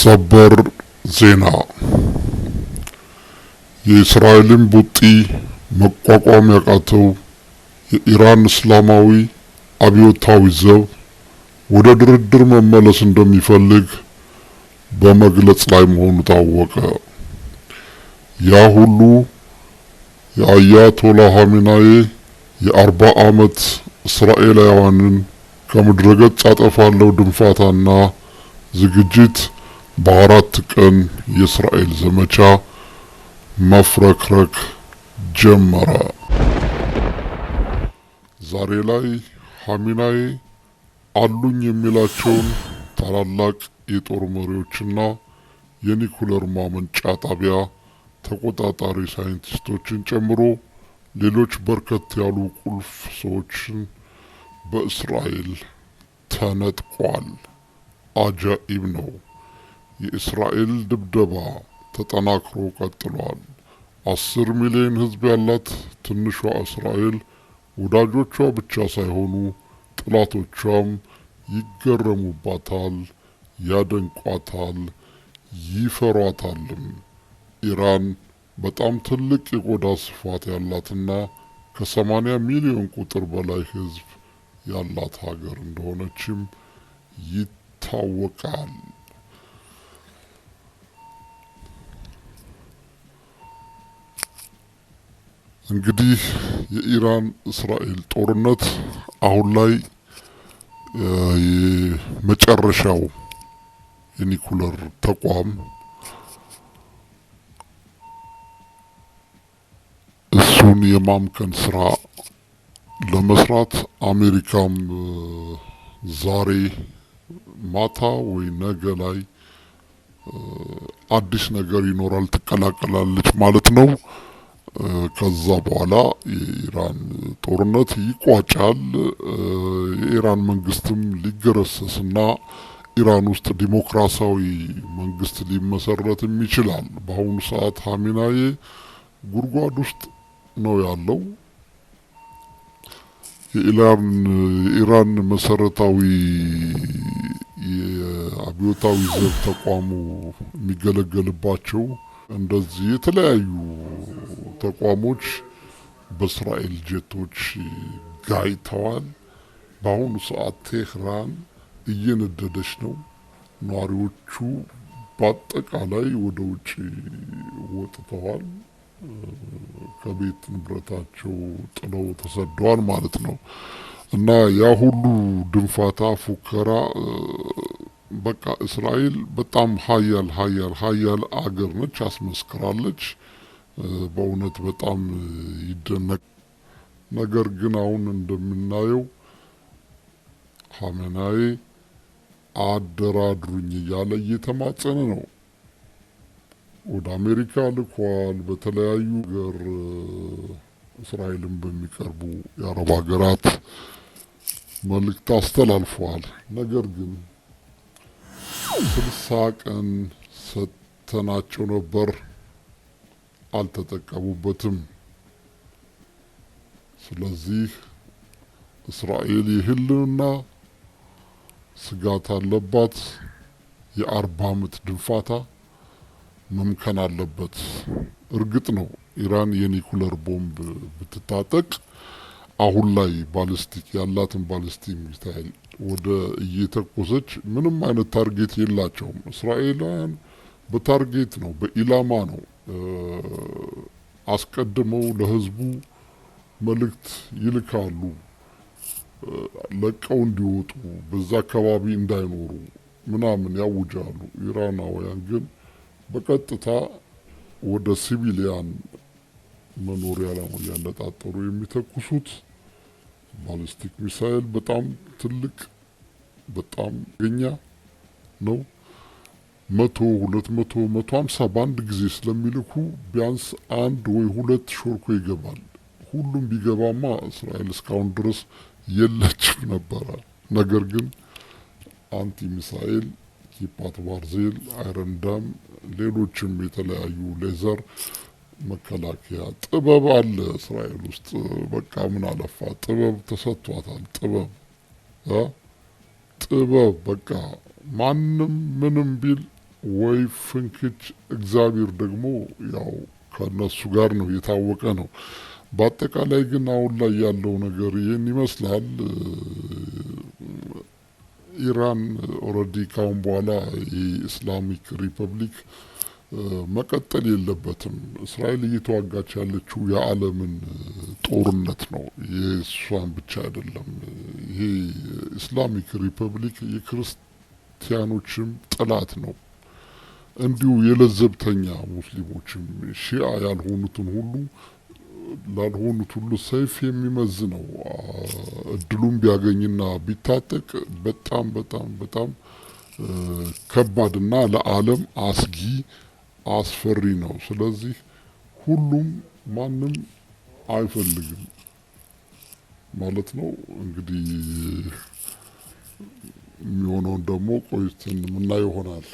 ሰበር ዜና የእስራኤልን ቡጢ መቋቋም ያቃተው የኢራን እስላማዊ አብዮታዊ ዘብ ወደ ድርድር መመለስ እንደሚፈልግ በመግለጽ ላይ መሆኑ ታወቀ። ያ ሁሉ የአያቶላ ሀሚናዬ የአርባ ዓመት እስራኤላውያንን ከምድረገጽ አጠፋለው ድንፋታና ዝግጅት በአራት ቀን የእስራኤል ዘመቻ መፍረክረክ ጀመረ። ዛሬ ላይ ሐሚናዬ አሉኝ የሚላቸውን ታላላቅ የጦር መሪዎችና የኒኩለር ማመንጫ ጣቢያ ተቆጣጣሪ ሳይንቲስቶችን ጨምሮ ሌሎች በርከት ያሉ ቁልፍ ሰዎችን በእስራኤል ተነጥቋል። አጃኢብ ነው። የእስራኤል ድብደባ ተጠናክሮ ቀጥሏል። አስር ሚሊዮን ህዝብ ያላት ትንሿ እስራኤል ወዳጆቿ ብቻ ሳይሆኑ ጥላቶቿም ይገረሙባታል፣ ያደንቋታል፣ ይፈሯታልም። ኢራን በጣም ትልቅ የቆዳ ስፋት ያላትና ከ80 ሚሊዮን ቁጥር በላይ ህዝብ ያላት ሀገር እንደሆነችም ይታወቃል። እንግዲህ የኢራን እስራኤል ጦርነት አሁን ላይ የመጨረሻው የኒኩለር ተቋም እሱን የማምከን ስራ ለመስራት አሜሪካም ዛሬ ማታ ወይ ነገ ላይ አዲስ ነገር ይኖራል፣ ትቀላቀላለች ማለት ነው። ከዛ በኋላ የኢራን ጦርነት ይቋጫል። የኢራን መንግስትም ሊገረሰስና ኢራን ውስጥ ዲሞክራሲያዊ መንግስት ሊመሰረትም ይችላል። በአሁኑ ሰዓት ሀሚናዬ ጉድጓድ ውስጥ ነው ያለው። የኢራን መሰረታዊ የአብዮታዊ ዘብ ተቋሙ የሚገለገልባቸው እንደዚህ የተለያዩ ተቋሞች በእስራኤል ጀቶች ጋይተዋል። በአሁኑ ሰዓት ቴህራን እየነደደች ነው። ነዋሪዎቹ በአጠቃላይ ወደ ውጭ ወጥተዋል። ከቤት ንብረታቸው ጥለው ተሰደዋል ማለት ነው እና ያ ሁሉ ድንፋታ፣ ፉከራ በቃ እስራኤል በጣም ሀያል ሀያል ሀያል አገር ነች፣ አስመስክራለች። በእውነት በጣም ይደነቅ። ነገር ግን አሁን እንደምናየው ሀመናዬ አደራድሩኝ እያለ እየተማጸነ ነው። ወደ አሜሪካ ልኳል። በተለያዩ ገር እስራኤልን በሚቀርቡ የአረብ ሀገራት መልእክት አስተላልፈዋል። ነገር ግን ስልሳ ቀን ሰጥተናቸው ነበር አልተጠቀሙበትም። ስለዚህ እስራኤል የህልውና ስጋት አለባት። የአርባ ዓመት ድንፋታ መምከን አለበት። እርግጥ ነው ኢራን የኒኩለር ቦምብ ብትታጠቅ አሁን ላይ ባሊስቲክ ያላትን ባሊስቲክ ሚሳይል ወደ እየተኮሰች ምንም አይነት ታርጌት የላቸውም። እስራኤላውያን በታርጌት ነው፣ በኢላማ ነው አስቀድመው ለህዝቡ መልእክት ይልካሉ። ለቀው እንዲወጡ በዛ አካባቢ እንዳይኖሩ ምናምን ያውጃሉ። ኢራናውያን ግን በቀጥታ ወደ ሲቪሊያን መኖሪያ ላይ ያነጣጠሩ የሚተኩሱት ባሊስቲክ ሚሳይል በጣም ትልቅ በጣም ገኛ ነው። መቶ ሁለት መቶ መቶ ሀምሳ በአንድ ጊዜ ስለሚልኩ ቢያንስ አንድ ወይ ሁለት ሾልኮ ይገባል። ሁሉም ቢገባማ እስራኤል እስካሁን ድረስ የለችም ነበረ። ነገር ግን አንቲ ሚሳኤል ኪፓት ባርዜል፣ አይረንዳም፣ ሌሎችም የተለያዩ ሌዘር መከላከያ ጥበብ አለ እስራኤል ውስጥ። በቃ ምን አለፋ ጥበብ ተሰጥቷታል። ጥበብ ጥበብ በቃ ማንም ምንም ቢል ወይ ፍንክች እግዚአብሔር ደግሞ ያው ከነሱ ጋር ነው የታወቀ ነው። በአጠቃላይ ግን አሁን ላይ ያለው ነገር ይህን ይመስላል። ኢራን ኦረዲ ካሁን በኋላ ይህ ኢስላሚክ ሪፐብሊክ መቀጠል የለበትም። እስራኤል እየተዋጋች ያለችው የዓለምን ጦርነት ነው። የእሷን ብቻ አይደለም። ይሄ ኢስላሚክ ሪፐብሊክ የክርስቲያኖችም ጥላት ነው። እንዲሁ የለዘብተኛ ሙስሊሞችም ሺአ ያልሆኑትን ሁሉ ላልሆኑት ሁሉ ሰይፍ የሚመዝ ነው። እድሉን ቢያገኝና ቢታጠቅ በጣም በጣም በጣም ከባድና ለዓለም አስጊ አስፈሪ ነው። ስለዚህ ሁሉም ማንም አይፈልግም ማለት ነው። እንግዲህ የሚሆነውን ደግሞ ቆይተን የምናየው ይሆናል።